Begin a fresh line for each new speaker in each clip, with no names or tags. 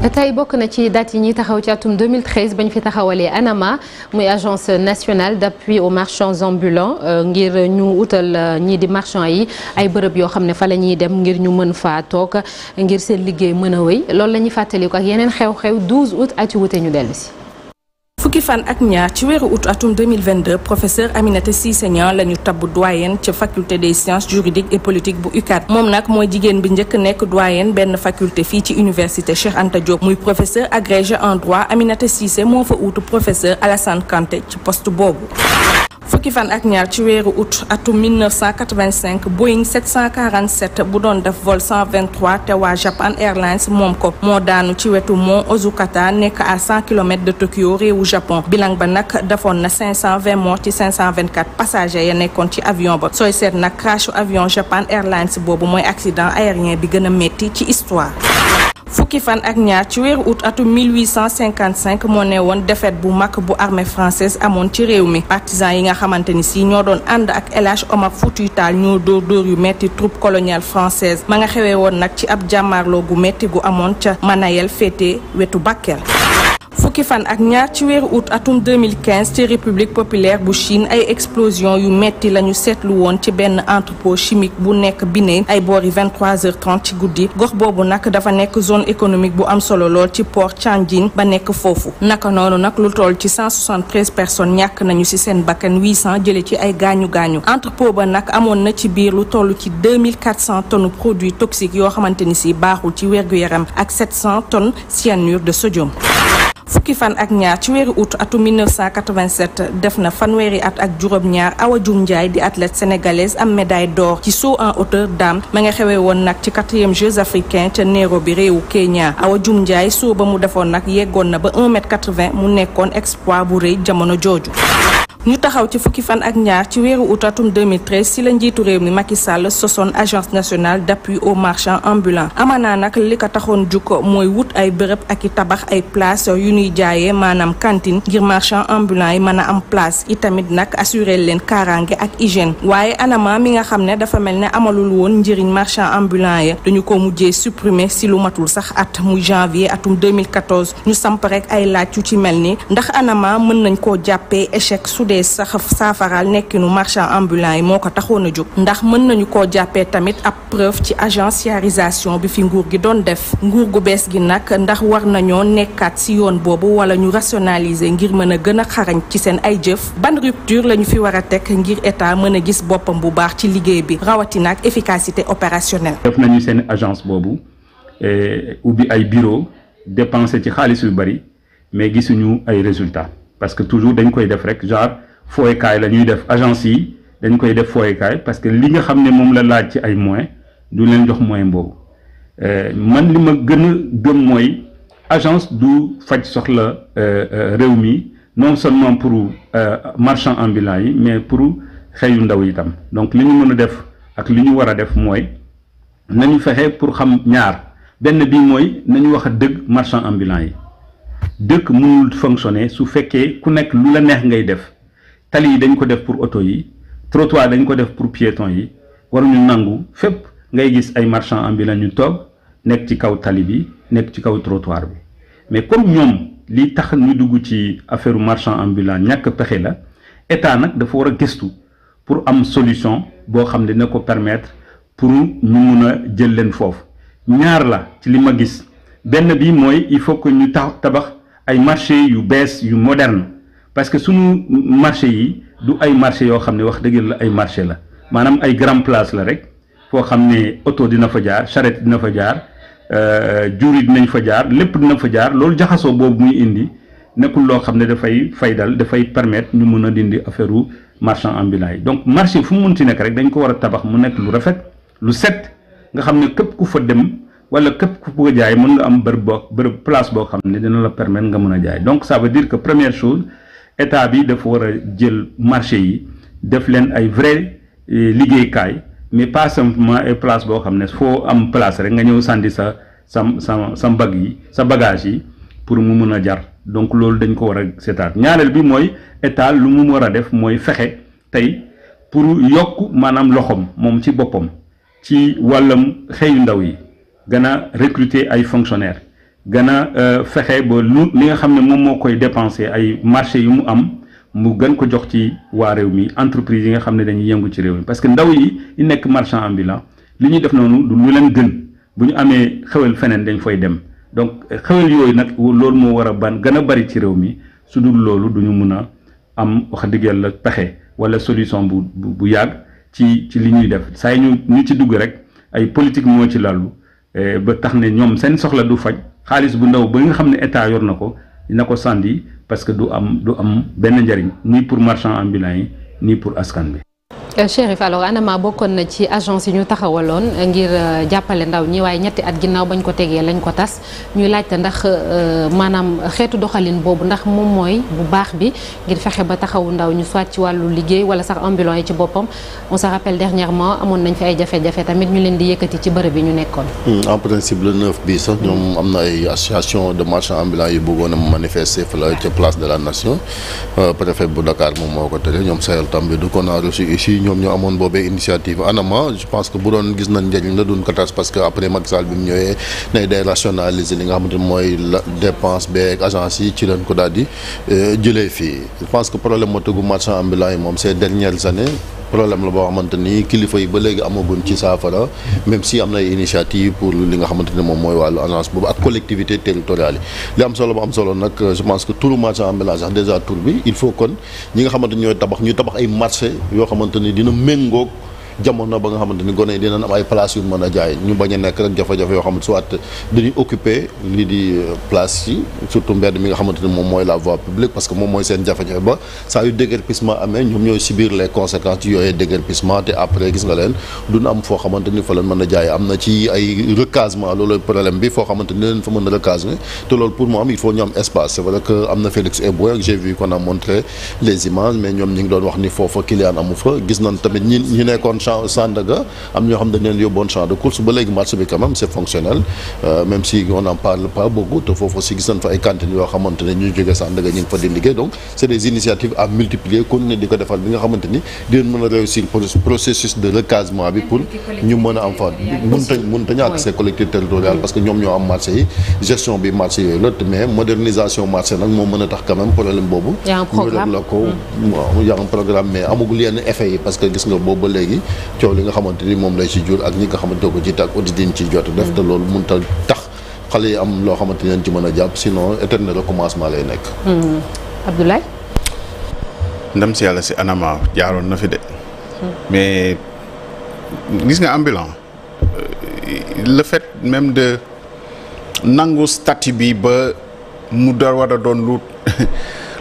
te tey bokk na ci dat yi ñuy taxaw ci atum 2013 ñu fi taxawalee ANAMA muy agence nationale d'appui aux marchands ambulants euh, ngir ñu utal euh, ñii di marchand yi ay bërëb yoo xam ne fa la ñuy dem ngir ñu mën faa toog ngir seen liggéey mën a wéy loolu la ñuy fàttaliku ak yeneen xew-xew 12 août at yu wute ñu dellu si.
fukki fan ak ñaar ci weeru août atum 2022 professeur Aminata Cissé Niang la ñu tabb doyen ca faculté des sciences juridiques et politiques bu UCAD moom nag mooy jigéen bi njëkk nekk doyen benn faculté fii ci université Cheikh Anta Diop muy professeur agrégé en droit Aminata Cissé moo fa uutu professeur Alassane Kanté ci poste boobu fukki fan ak ñaar ci weeru août atum 1985 Boeing 747 bu doon def vol 123 te waa Japan Airlines moom ko moo daanu ci wetu mont Ozukata nekk à 100 kilomètres de Tokyo réewu Japon bilan ba nag defoon na 520 morts ci 524 passagers ya nekkoon ci avion ba sooy seet nag crashu avion Japan Airlines boobu mooy accident aérien bi gën a métti ci histoire. fukki fan ak ñaar ci weeru août atum 1855 moo ne woon défaite bu mag bu armée française amoon ci réew mi partisans yi nga xamante ni si ñoo doon ànd ak El Hadj Omar Foutiyu Taal ñoo dóor dóor yu metti troupe coloniale française ma nga xewee woon nag ci ab jàmmaarloo gu metti gu amoon ca Manayel féete wetu Bakel fukki fan ak ñaar ci weeru août atum 2015 ci république populaire bu Chine ay explosion yu metti lañu seetlu woon ci benn entrepôt chimique bu nekk Biné ay boori 23h30 ci guddi gox boobu nag dafa nekk zone économique bu am solo lool ci port Tianjin ba nekk foofu naka noonu nag lu toll ci 173 personnes ñàkk nañu ci seen bakkan 800 jële ci ay gaañu gaañu ba nag amoon na ci biir lu toll ci 2400 tonnes produits toxiques yoo xamante ni si baaxul ci wergu yaram ak 700 tonnes cyanure de sodium. fukki fan ak ñaar ci weeru août atum 1987 def na fanweeri at ak juróom-ñaar Awa Diouf Ndiaye di athlète sénégalaise am médaille d'or ci saut en hauteur dames ma nga xewee woon nag ci quatrième Jeux africains ca Nairobi réewu Kenya Awa Diouf Ndiaye suu ba mu defoon nag yeggoon na ba 1 mètre 80 mu nekkoon exploit bu rëy jamono jooju. ñu taxaw ci fukki fan ak ñaar ci weeru août atum 2013 si la njiitu réew mi Macky Sall sosoon agence nationale d'appui aux marchands ambulants amanaa nag li ko taxoon jukko mooy wut ay bërëb ak i tabax ay place yu ñuy jaayee maanaam cantine ngir marchand ambulant yi mën a am place itamit nag assuré leen kaaraange ak hygiène waaye anama mi nga xam ne dafa mel ne amalul woon njëriñ marchand ambulant yi dañu ko mujjee supprimer si lu matul sax at muy janvier atum 2014 ñu samp rek ay laaj yu ci mel ni ndax anama mën nañ koo jàppee échec dee sax saafaraal nekkinu marchand ambulant yi moo ko taxoon a jóg ndax mën nañu koo jàppee tamit ab preuve ci agenciarisation bi fi nguur gi doon def nguur gu bees gi nag ndax war nañoo nekkaat si yoon boobu wala ñu rationaliser ngir mën a gën a xarañ ci seen ay jëf ban rupture la ñu fi war a teg ngir état mën a gis boppam bu baax ci liggéey bi rawatina ak efficacité opérationnelle.
def nañu seen agence boobu eh, ubbi ay bureau dépensé ci xaalis yu bari mais gisuñu ay parce que toujours dañ koy def rek genre fooykaay la ñuy def agence yi dañ koy def fooykaay parce que li nga xam ne moom la laaj ci ay moyens du leen jox moyen boobu euh, man li ma gën a gëm mooy agence du faj soxla euh, euh, réew mi non seulement pour marchand ambulant yi mais pour xëyu ndaw yi tam donc li ñu mën a def ak li ñu war a def mooy nañu fexe pour xam ñaar benn bii mooy nañu wax dëgg marchand ambulant yi dëkk mënul fonctionner su fekkee ku nekk lu la neex ngay def tali yi dañ ko def pour oto yi trottoir dañ ko def pour piéton yi waruñu nangu fépp ngay gis ay marchand ambulant ñu toog nekk ci kaw tali bi nekk ci kaw trotoire bi mais comme ñoom li tax ñu dugg ci affaire marchand ambulant ñàkk pexe la état nag dafa war a gëstu pour am solution boo xam ne dina ko permettre pour ñu mun a jël leen foofu ñaar la ci li ma gis benn bi mooy il faut que ñu ta tabax ay marché yu bees yu moderne parce que suñu marché yi du ay marché yoo xam ne wax dëgg la ay marché la maanaam ay grand place la rek foo xam ne oto dina fa jaar charrette dina fa jaar euh, jur yi dinañ fa jaar lépp dina fa jaar loolu jaxasoo boobu muy indi nekkul loo xam ne dafay faydal dafay permettre ñu mën a dindi affaire u marchand ambulant yi donc marché fu mu ci nekk rek dañ ko war a tabax mu nekk lu rafet lu set nga xam ne képp ku fa dem wala képp ku bëgg a jaay mën nga am bërëb boo bërëb place boo xam ne dina la permettre nga mën a jaay donc ça veut dire que première chose état bi dafa war a jël marché yi def leen ay vrai eh, liggéeykaay ni pas simplement ay place boo xam ne foo am place rek nga ñëw sànni sa sa sa sa mbag yi sa bagage yi pour mu mun a jar donc loolu dañ ko war a seetaat ñaareel bi mooy état lu mu war a def mooy fexe tey pour yokk maanaam loxoom moom ci boppam ci wàllam xëyu ndaw yi gën a recruter ay fonctionnaires gën a euh, fexe ba lu li nga xam ne moom moo koy dépenser ay marché yu mu am mu gën ko jox ci waa réew mi entreprise yi nga xam ne dañuy yëngu ci réew mi parce que ndaw yi yi nekk marchand ambulant li ñuy def noonu du lu leen gën bu ñu amee xewel feneen dañ fay dem donc xewel yooyu nag loolu moo war a ban gën a bari ci réew mi su dul loolu du ñu mun a am wax dëgg yàlla pexe wala solution bu bu yàgg ci ci li ñuy def saa ñu ñu ci dugg rek ay politique moo ci lalu Eh, ba tax ne ñoom seen soxla du faj xaalis bu ndaw ba nga xam ne état yor na ko na ko sandi parce que du am du am benn njariñ nii pour marchand ambulant yi nii pour askan bi
Euh, Chérif alors ANAMA bokkoon na ci agence yi ñu taxawaloon euh, ngir euh, jàppale ndaw ñi waaye ñetti at ginnaaw bañ ko tegee lañ ko tas ñuy laajte ndax maanaam xeetu doxalin boobu ndax moom mooy bu baax bi ngir fexe ba taxawu ndaw ñu soit ci wàllu liggéey wala sax ambulant yi ci boppam on se rappelle dernièrement amoon nañ fi ay jafe-jafe tamit ñu leen di yëkkati ci bërëb yi ñu nekkoon.
Hmm, en principe le 9 bi sax ñoom am na ay association de marchands a moo ñoom ñoo amoon boobee initiative anama je pense que bu doon gis nañ njëriñ la doon katas parce que après Macky Sall bi mu ñëwee day rationaliser li nga xamante ne mooy la dépense beeg agence yi ci leen ko daal di euh, jëlee fii je pense que problème moo tëggu marchand ambulant yi moom ces dernières années problème la boo xamante ni kilifa yi ba léegi amaguñ ci saafara même si am na ay initiative pour li nga xamante ne moom mooy wàllu agence boobu ak collectivité territoriale yi li am solo ba am solo nag je pense que turu marché ambulant sax déjà tur bi il faut kon ñi nga xamante ni ñooy tabax ñu tabax ay marché yoo xamante ni dina méngoog jamono ba nga xamante ni gone yi ay place yu mën a jaay ñu bañ a nekk rek jafe-jafe yoo xam ne soit dañuy occuper lii di euh, place yi surtout mbedd mi nga xamante moom mooy la voie publique parce que moom mooy seen jafe-jafe ba saa yu déguerpissement amee ñoom ñooy subir les conséquences ci yooyee nga am foo am na ci ay recasement loolu problème bi foo xamante ni leen fa mën a ñu ngi doon wax ni foofa client amu fa gis nañ tamit ñi ñi nekkoon Sandaga am ñoo xam dañ leen yóbboon champ de course ba léegi marché bi quand c'est fonctionnel euh, même si on n'en parle pas beaucoup te foofu aussi gis fa ay cantines yoo xamante ne jógee Sandaga ñu fa di liggéey donc c'est des initiatives à multiplier continuer di ko defal bi nga xamante ni dinañ a réussir processus de recasement bi pour ñu mën a am fa mënta mënta ñàkk ces collectivités territoriales parce que ñoom ñoo am marché yi gestion bi marché coow li nga xamante ni moom lay ci jur ak ñi nga xamante ko ci tàkk audit yi ci jot def te loolu mënut a tax xale yi am loo xamante ni ci mën a jàpp sinon éternel recommencement lay nekk.
Hmm. Abdoulaye.
ndem si yàlla si na fi de. mais gis euh, le fait même de nangu statut bi ba mu da war a doon lu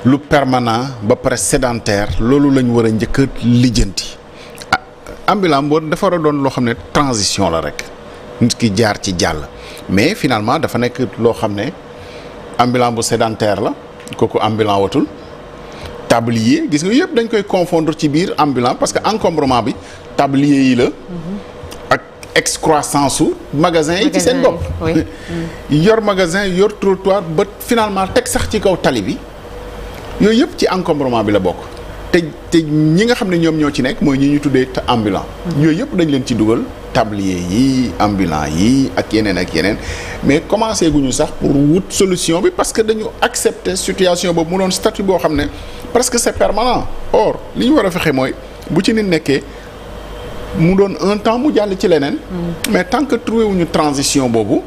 lu permanent ba pare sédentaire loolu lañ war a njëkk a lijjanti. ambulance boobu dafa war a doon loo xam ne transition la rek nit ki jaar ci jàll mais finalement dafa nekk loo xam ne ambulant bu sedentaire la kooku ambulant watul tablier gis nga yëpp dañ koy confondre ci biir ambulant parce que encombrement bi tablier yi la mhm. ak excroissance su magasin yi ci seen bopp yor magasin yor trottoir ba finalement teg sax ci kaw tali bi yooyu yëpp ci encombrement bi la bokk te te ñi nga xam ne ñoom ñoo ci nekk mooy ñu ñu tuddee te ambulant mm-hmm. yooyu yëpp dañ leen ci dugal tablier yi ambulant yi ak yeneen ak yeneen mais commencé guñu sax pour wut solution bi parce que dañu accepter situation boobu mu doon statut boo xam ne presque c'est permanent or li ñu war a fexe mooy bu ci nit nekkee mu doon un temps mu jàll ci leneen mm-hmm. mais tant que trouvé wuñu transition boobu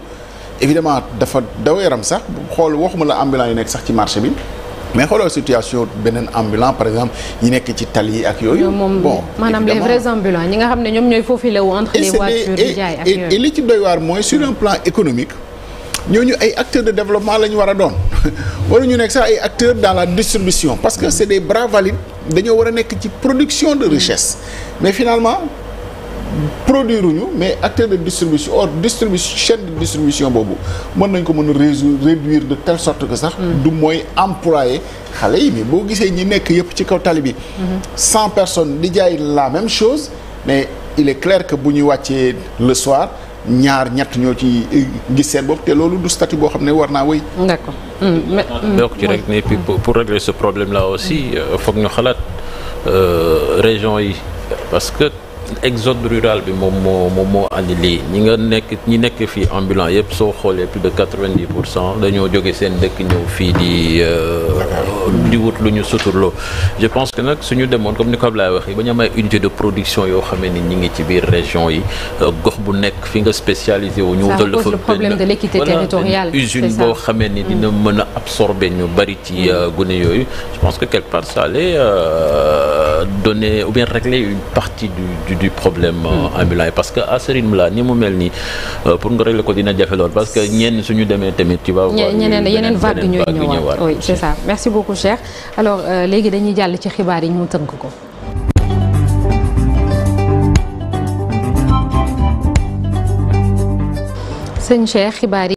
évidemment dafa daw yaram sax xool waxuma la ambulant nekk sax ci marché bi mais xoolal situation beneen ambulant par exemple yi nekk ci tali yi ak yooyu. bon maanaam les vrais
ambulants ñi nga xam ne ñoom ñooy faufilé wu entre les voitures di jaay ak yooyu et
li ci doy waar mooy sur un plan économique ñooñu ay acteurs de développement la ñu war a doon waruñu nekk sax ay acteurs dans la distribution parce que c'est des bras valides dañoo war a nekk ci production de richesse mais finalement. produire ñu mais acteur de distribution or distribution chaîne boobu mën nañ ko mën a réduire de telle sort que sax mm. du mooy employé xale yi mais boo gisee ñi nekk yëpp ci kaw tali bi mm-hmm. cent personnes di jaay la même chose mais il est clair que bu ñuy wàccee le soir ñaar ñett ñoo ci gis seen bopp te loolu du statut boo xam ne war naa wéy.
d'accord. Mm, mm.
Ah, donc ci rek ne puis pour régler ce problème là aussi euh, foog ñu xalaat euh, région yi parce que. exode rural bi moom moo moom moo andi lii ñi nga nekk ñi nekk fii ambulant yëpp soo xoolee plus de quatre-vingt-dix pour cent dañoo jóge seen dëkk ñëw fii di euh, di wut lu ñu suturloo je pense que nag suñu demoon comme ni ko Ablaye waxee ba ñu am ay unité de production yoo xamee ni ñi ngi ci biir région yi euh, gox bu nekk fi nga spécialisé wu ñu wutal la fa problème de
l'équité territoriale usine boo
xamee ni dina mm. mën a absorber ñu bari ci euh, gune yooyu je pense que quelque part ça donner ou bien régler une partie du, problème ambulant euh, hmm. yi parce que à ce rythme là ni mu mel nii euh, pour nga régler ko dina jafe lool parce que ñenn ñu demee tamit tu vas voir ñeneen yeneen vague ñooy ñëwaat
oui c'est ça merci beaucoup Cheikh alors euh, léegi dañuy jàll ci xibaar yi ñu tënk ko sëñ Cheikh xibaar yi